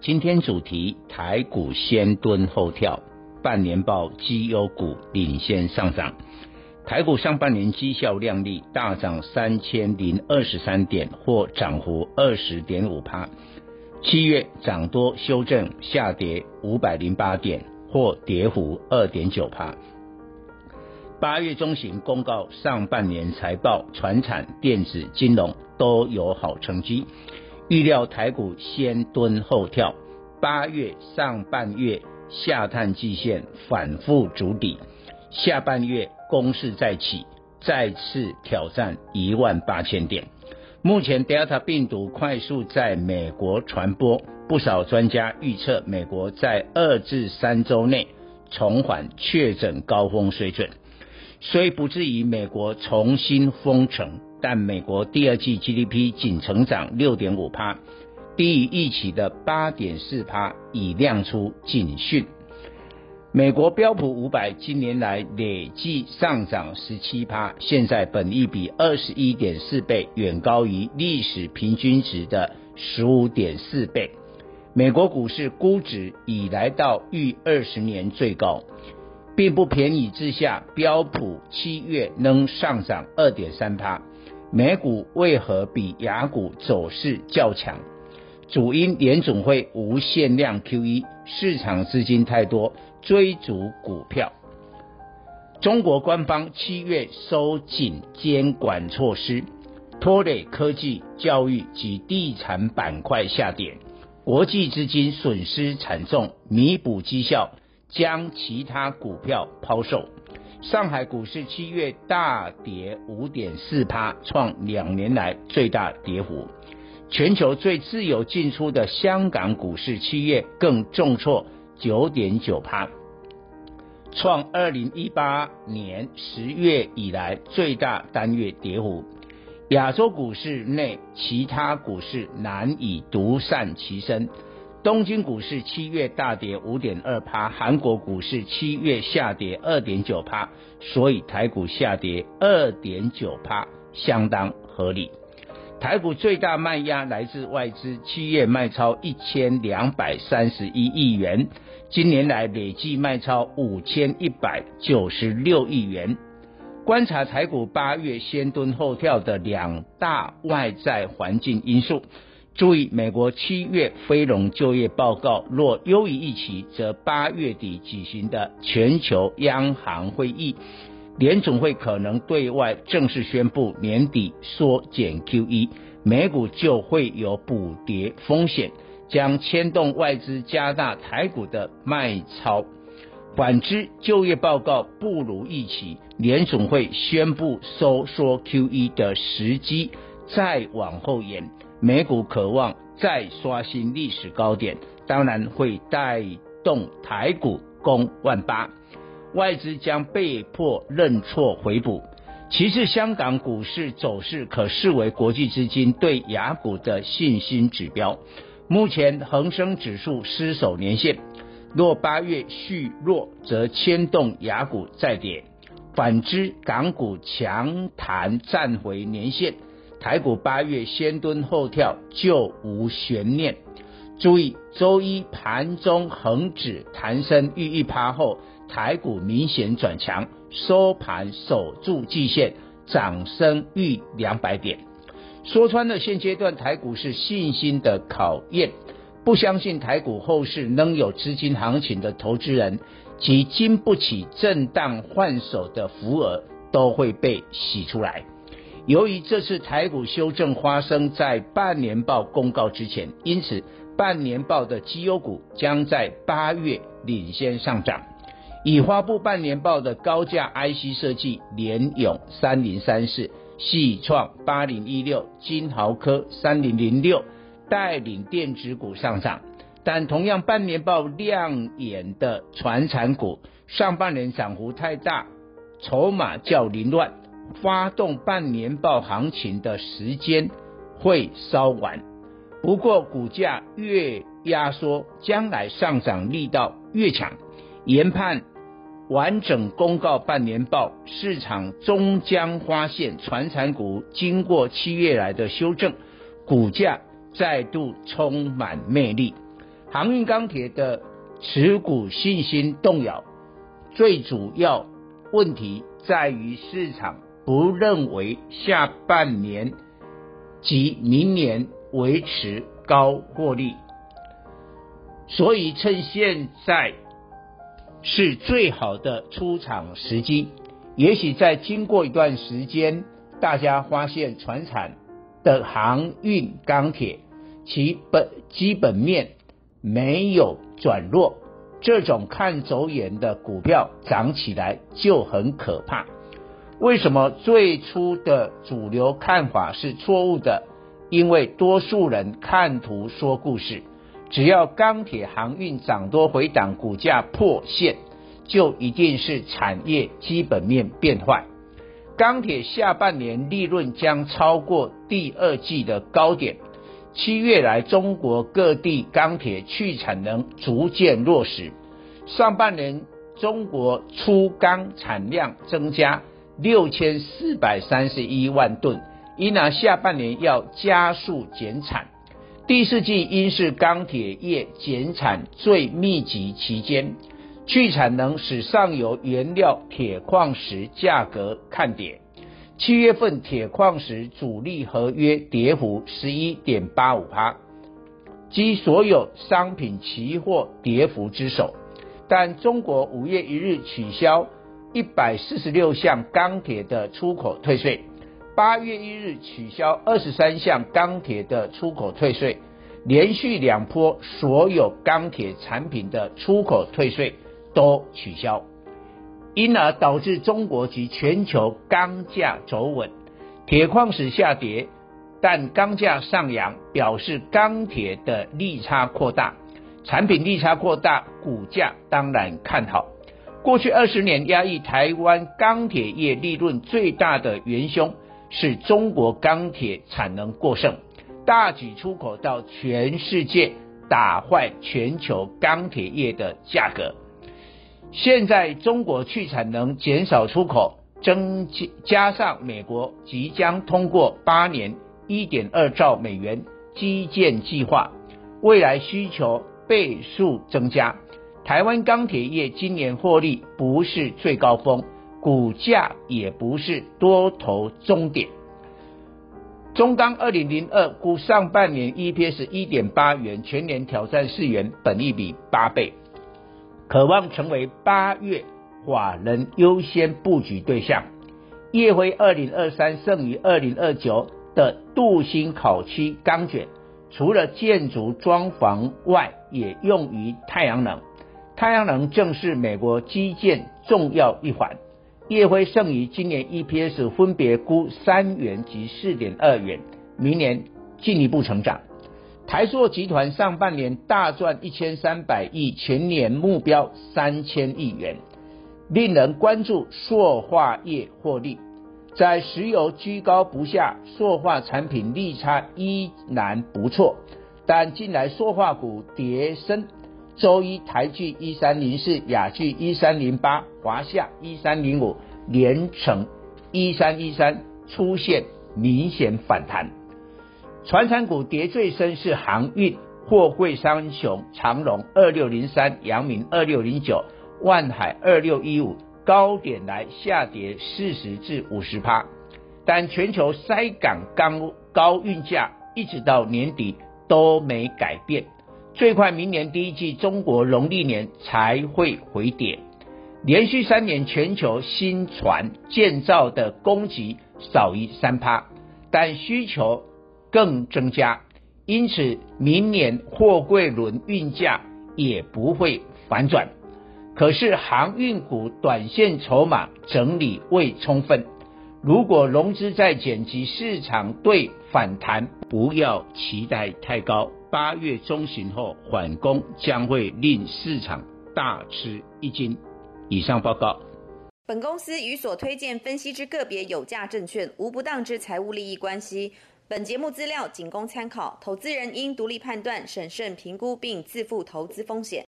今天主題：台股先蹲後跳，半年報績優股領先上漲。台股上半年績效亮麗，大漲三千零二十三點，或漲幅二十點五趴。七月漲多修正下跌五百零八點，或跌幅二點九趴。八月中旬公告上半年財報，傳產、電子、金融都有好成績。預料台股先蹲後跳，八月上半月下探季線反覆築底，下半月攻勢再起，再次挑戰一萬八千點。目前 Delta 病毒快速在美國傳播，不少專家預測美國在二至三周內重返確診高峰水準，雖不至於美國重新封城。但美國第二季 GDP 僅成長六點五趴，低於預期的八點四趴，已亮出警訊。美國標普五百今年來累計上漲十七趴，現在本益比二十一點四倍，遠高於歷史平均值的十五點四倍。美國股市估值已來到逾二十年最高，並不便宜之下，標普七月仍上漲二點三趴。美股為何比亞股走勢較強？主因聯準會無限量 QE，市場資金太多追逐股票。中國官方七月收緊監管措施，拖累科技、教育及地產板塊下跌，國際資金損失慘重，彌補績效將其他股票拋售。上海股市七月大跌五點四趴，創兩年來最大跌幅。全球最自由進出的香港股市七月更重挫九點九趴，創二零一八年十月以來最大單月跌幅。亞洲股市內其他股市難以獨善其身。東京股市七月大跌五點二趴，韓國股市七月下跌二點九趴，所以台股下跌二點九趴相當合理。台股最大賣壓來自外資，七月賣超一千兩百三十一億元，今年來累計賣超五千一百九十六億元。觀察台股八月先蹲後跳的兩大外在環境因素。注意，美國七月非農就業報告若優於預期，則八月底舉行的全球央行會議，聯總會可能對外正式宣布年底縮減 QE，美股就會有補跌風險，將牽動外資加大台股的賣超。反之，就業報告不如預期，聯總會宣布收縮 QE 的時機再往後延。美股渴望再刷新歷史高點，當然會帶動台股攻萬八，外資將被迫認錯回補。其次，香港股市走勢可視為國際資金對亞股的信心指標。目前恆生指數失守年線，若八月續弱，則牽動亞股再跌；反之，港股強彈站回年線。台股八月先蹲後跳，就無懸念。注意，週一盤中恆指彈升逾一趴後，台股明顯轉強，收盤守住季線，漲升逾兩百點。說穿了，現階段台股是信心的考驗。不相信台股後市仍有資金行情的投資人，及經不起震盪換手的浮額，都會被洗出來。由於這次台股修正發生在半年報公告之前，因此半年報的績優股將在八月領先上漲。已發布半年報的高價 IC 設計聯詠三零三四、矽創八零一六、晶豪科三零零六帶領電子股上漲。但同樣半年報亮眼的傳產股，上半年漲幅太大，籌碼較凌亂。發動半年報行情的時間會稍晚，不過股價越壓縮，將來上漲力道越強。研判完整公告半年報，市場終將發現，傳產股經過七月來的修正，股價再度充滿魅力。航運鋼鐵的持股信心動搖，最主要問題在於市場。不認為下半年及明年維持高獲利，所以趁現在是最好的出場時機。也許在經過一段時間，大家發現傳產的航運、鋼鐵其本基本面沒有轉弱，這種看走眼的股票漲起來就很可怕。為什麼最初的主流看法是錯誤的？因為多數人看圖說故事，只要鋼鐵航運漲多回檔，股價破線，就一定是產業基本面變壞。鋼鐵下半年利潤將超過第二季的高點。七月來，中國各地鋼鐵去產能逐漸落實，上半年中國粗鋼產量增加。六千四百三十一萬噸，因而下半年要加速減產，第四季應是鋼鐵業減產最密集期間，去產能使上游原料鐵礦石價格看跌，七月份鐵礦石主力合約跌幅十一點八五%，趴，居所有商品期貨跌幅之首，但中國五月一日取消。一百四十六項鋼鐵的出口退稅，八月一日取消二十三項鋼鐵的出口退稅，連續兩波所有鋼鐵產品的出口退稅都取消，因而導致中國及全球鋼價走穩，鐵礦石下跌，但鋼價上揚，表示鋼鐵的利差擴大，產品利差擴大，股價當然看好。過去二十年壓抑台灣鋼鐵業利潤最大的元凶是中國鋼鐵產能過剩，大舉出口到全世界，打壞全球鋼鐵業的價格。現在中國去產能、減少出口，增加，加上美國即將通過八年一點二兆美元基建計劃，未來需求倍數增加。台灣鋼鐵業今年獲利不是最高峰，股價也不是多頭終點。中鋼二零零二估上半年 EPS 一點八元，全年挑戰四元，本益比八倍，渴望成為八月法人優先布局對象。燁輝二零二三盛餘二零二九的鍍鋅烤漆鋼捲，除了建築裝潢外，也用於太陽能。太陽能正是美國基建重要一環。業輝剩餘今年 EPS 分別估三元及四點二元，明年進一步成長。台塑集團上半年大賺一千三百億，全年目標三千億元，令人關注塑化業獲利。在石油居高不下，塑化產品利差依然不錯，但近來塑化股跌深。周一台聚一三零四、亞聚一三零八、華夏一三零五、聯成一三一三出現明顯反彈。傳產股跌最深是航運、貨櫃三雄長榮二六零三、陽明二六零九、萬海二六一五，高點來下跌四十至五十趴。但全球塞港剛高運價，一直到年底都沒改變。最快明年第一季中國農曆年才會回跌，連續三年全球新船建造的供給少於三趴，但需求更增加，因此明年貨櫃輪運價也不會反轉。可是航運股短線籌碼整理未充分。如果融資在減持，市場對反彈不要期待太高，八月中旬後緩攻將會令市場大吃一驚。以上報告。本公司與所推薦分析之個別有價證券無不當之財務利益關係。本節目資料僅供參考，投資人應獨立判斷、審慎評估並自負投資風險。